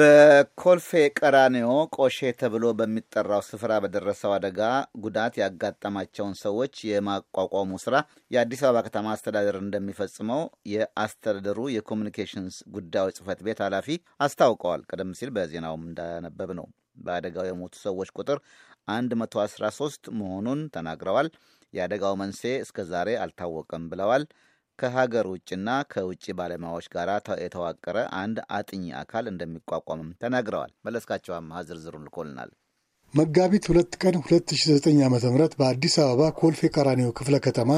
በኮልፌ ቀራኔዮ ቆሼ ተብሎ በሚጠራው ስፍራ በደረሰው አደጋ ጉዳት ያጋጠማቸውን ሰዎች የማቋቋሙ ስራ የአዲስ አበባ ከተማ አስተዳደር እንደሚፈጽመው የአስተዳደሩ የኮሚኒኬሽንስ ጉዳዮች ጽህፈት ቤት ኃላፊ አስታውቀዋል። ቀደም ሲል በዜናውም እንዳነበብ ነው። በአደጋው የሞቱ ሰዎች ቁጥር 113 መሆኑን ተናግረዋል። የአደጋው መንስኤ እስከ ዛሬ አልታወቀም ብለዋል። ከሀገር ውጭና ከውጭ ባለሙያዎች ጋር የተዋቀረ አንድ አጥኚ አካል እንደሚቋቋምም ተናግረዋል። መለስካቸው አማሃ ዝርዝሩን ልኮልናል። መጋቢት ሁለት ቀን 2009 ዓ ም በአዲስ አበባ ኮልፌ ቀራኒዮ ክፍለ ከተማ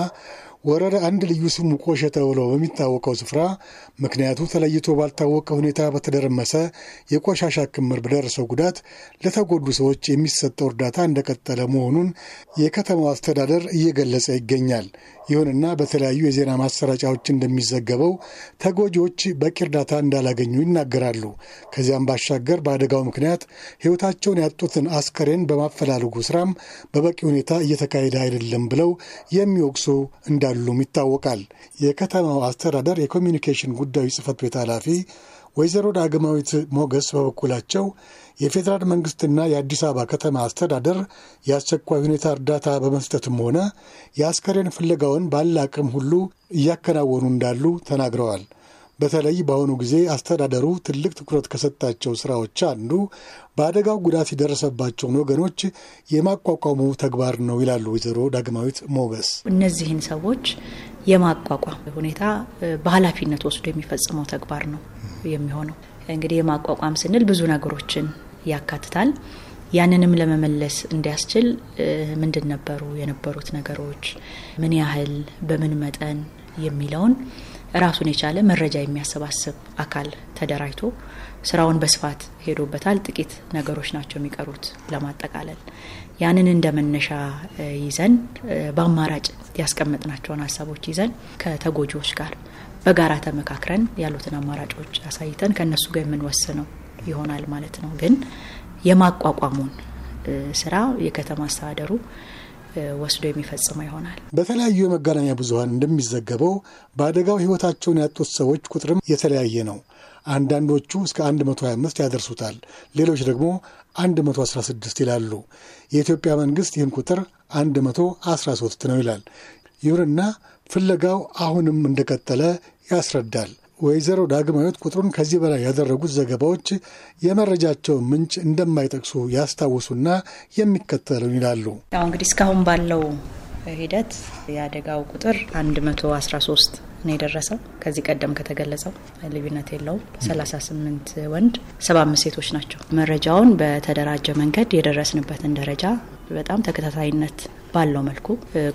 ወረዳ አንድ ልዩ ስሙ ቆሸ ተብሎ በሚታወቀው ስፍራ ምክንያቱ ተለይቶ ባልታወቀ ሁኔታ በተደረመሰ የቆሻሻ ክምር በደረሰው ጉዳት ለተጎዱ ሰዎች የሚሰጠው እርዳታ እንደቀጠለ መሆኑን የከተማው አስተዳደር እየገለጸ ይገኛል። ይሁንና በተለያዩ የዜና ማሰራጫዎች እንደሚዘገበው ተጎጂዎች በቂ እርዳታ እንዳላገኙ ይናገራሉ። ከዚያም ባሻገር በአደጋው ምክንያት ሕይወታቸውን ያጡትን አስከሬን በማፈላለጉ ስራም በበቂ ሁኔታ እየተካሄደ አይደለም ብለው የሚወቅሱ እንዳ እንዳሉም ይታወቃል። የከተማው አስተዳደር የኮሚኒኬሽን ጉዳዮች ጽህፈት ቤት ኃላፊ ወይዘሮ ዳግማዊት ሞገስ በበኩላቸው የፌዴራል መንግስትና የአዲስ አበባ ከተማ አስተዳደር የአስቸኳይ ሁኔታ እርዳታ በመስጠትም ሆነ የአስከሬን ፍለጋውን ባለ አቅም ሁሉ እያከናወኑ እንዳሉ ተናግረዋል። በተለይ በአሁኑ ጊዜ አስተዳደሩ ትልቅ ትኩረት ከሰጣቸው ስራዎች አንዱ በአደጋው ጉዳት የደረሰባቸውን ወገኖች የማቋቋሙ ተግባር ነው ይላሉ ወይዘሮ ዳግማዊት ሞገስ። እነዚህን ሰዎች የማቋቋም ሁኔታ በኃላፊነት ወስዶ የሚፈጽመው ተግባር ነው የሚሆነው። እንግዲህ የማቋቋም ስንል ብዙ ነገሮችን ያካትታል። ያንንም ለመመለስ እንዲያስችል ምንድን ነበሩ የነበሩት ነገሮች፣ ምን ያህል፣ በምን መጠን የሚለውን ራሱን የቻለ መረጃ የሚያሰባስብ አካል ተደራጅቶ ስራውን በስፋት ሄዶበታል። ጥቂት ነገሮች ናቸው የሚቀሩት ለማጠቃለል። ያንን እንደ መነሻ ይዘን በአማራጭ ያስቀመጥናቸውን ሀሳቦች ይዘን ከተጎጂዎች ጋር በጋራ ተመካክረን ያሉትን አማራጮች አሳይተን ከእነሱ ጋር የምንወስነው ይሆናል ማለት ነው። ግን የማቋቋሙን ስራ የከተማ አስተዳደሩ ወስዶ የሚፈጽመው ይሆናል። በተለያዩ የመገናኛ ብዙኃን እንደሚዘገበው በአደጋው ሕይወታቸውን ያጡት ሰዎች ቁጥርም የተለያየ ነው። አንዳንዶቹ እስከ 125 ያደርሱታል፣ ሌሎች ደግሞ 116 ይላሉ። የኢትዮጵያ መንግሥት ይህን ቁጥር 113 ነው ይላል። ይሁንና ፍለጋው አሁንም እንደቀጠለ ያስረዳል። ወይዘሮ ዳግማዊት ቁጥሩን ከዚህ በላይ ያደረጉት ዘገባዎች የመረጃቸውን ምንጭ እንደማይጠቅሱ ያስታውሱና የሚከተሉን ይላሉ። ያው እንግዲህ እስካሁን ባለው ሂደት የአደጋው ቁጥር 113 ነው የደረሰው። ከዚህ ቀደም ከተገለጸው ልዩነት የለውም። 38 ወንድ፣ 75 ሴቶች ናቸው። መረጃውን በተደራጀ መንገድ የደረስንበትን ደረጃ በጣም ተከታታይነት ባለው መልኩ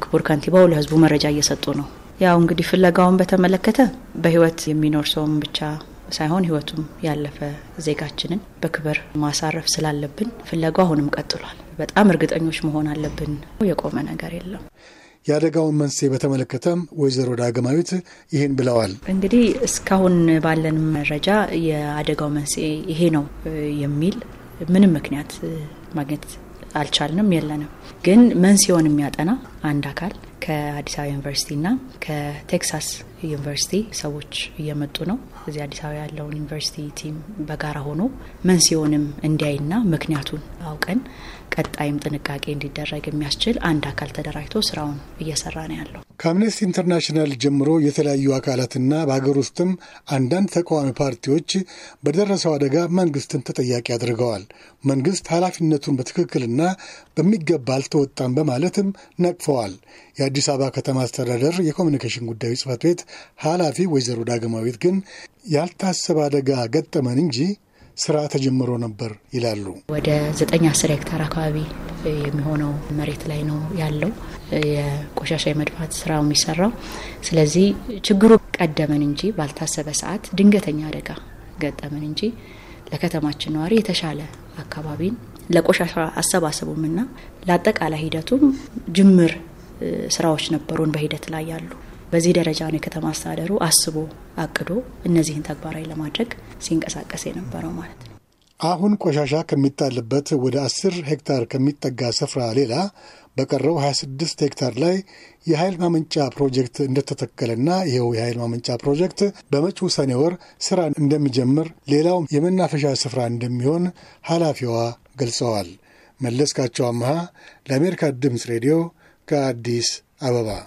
ክቡር ከንቲባው ለህዝቡ መረጃ እየሰጡ ነው። ያው እንግዲህ ፍለጋውን በተመለከተ በህይወት የሚኖር ሰውም ብቻ ሳይሆን ህይወቱም ያለፈ ዜጋችንን በክብር ማሳረፍ ስላለብን ፍለጋው አሁንም ቀጥሏል። በጣም እርግጠኞች መሆን አለብን። የቆመ ነገር የለም። የአደጋውን መንስኤ በተመለከተም ወይዘሮ ዳግማዊት ይህን ብለዋል። እንግዲህ እስካሁን ባለን መረጃ የአደጋው መንስኤ ይሄ ነው የሚል ምንም ምክንያት ማግኘት አልቻልንም፣ የለንም። ግን መንስኤውን የሚያጠና አንድ አካል ከአዲስ አበባ ዩኒቨርሲቲና ከቴክሳስ ዩኒቨርሲቲ ሰዎች እየመጡ ነው። እዚህ አዲስ አበባ ያለውን ዩኒቨርሲቲ ቲም በጋራ ሆኖ መንስኤውንም እንዲያይና ምክንያቱን አውቀን ቀጣይም ጥንቃቄ እንዲደረግ የሚያስችል አንድ አካል ተደራጅቶ ስራውን እየሰራ ነው ያለው። ከአምነስቲ ኢንተርናሽናል ጀምሮ የተለያዩ አካላትና በሀገር ውስጥም አንዳንድ ተቃዋሚ ፓርቲዎች በደረሰው አደጋ መንግስትን ተጠያቂ አድርገዋል። መንግስት ኃላፊነቱን በትክክልና በሚገባ አልተወጣም በማለትም ነቅፈዋል። የአዲስ አበባ ከተማ አስተዳደር የኮሚኒኬሽን ጉዳዮች ጽህፈት ቤት ኃላፊ ወይዘሮ ዳግማዊት ግን ያልታሰበ አደጋ ገጠመን እንጂ ስራ ተጀምሮ ነበር ይላሉ። ወደ ዘጠኝ አስር ሄክታር አካባቢ የሚሆነው መሬት ላይ ነው ያለው የቆሻሻ የመድፋት ስራው የሚሰራው። ስለዚህ ችግሩ ቀደመን እንጂ ባልታሰበ ሰዓት ድንገተኛ አደጋ ገጠመን እንጂ ለከተማችን ነዋሪ የተሻለ አካባቢን ለቆሻሻ አሰባሰቡም እና ለአጠቃላይ ሂደቱም ጅምር ስራዎች ነበሩን በሂደት ላይ ያሉ። በዚህ ደረጃ ነው የከተማ አስተዳደሩ አስቦ አቅዶ እነዚህን ተግባራዊ ለማድረግ ሲንቀሳቀስ የነበረው ማለት ነው። አሁን ቆሻሻ ከሚጣልበት ወደ 10 ሄክታር ከሚጠጋ ስፍራ ሌላ በቀረው 26 ሄክታር ላይ የኃይል ማመንጫ ፕሮጀክት እንደተተከለና ይኸው የኃይል ማመንጫ ፕሮጀክት በመጪው ሰኔ ወር ስራ እንደሚጀምር፣ ሌላው የመናፈሻ ስፍራ እንደሚሆን ኃላፊዋ ገልጸዋል። መለስካቸው አመሃ ለአሜሪካ ድምፅ ሬዲዮ ከአዲስ አበባ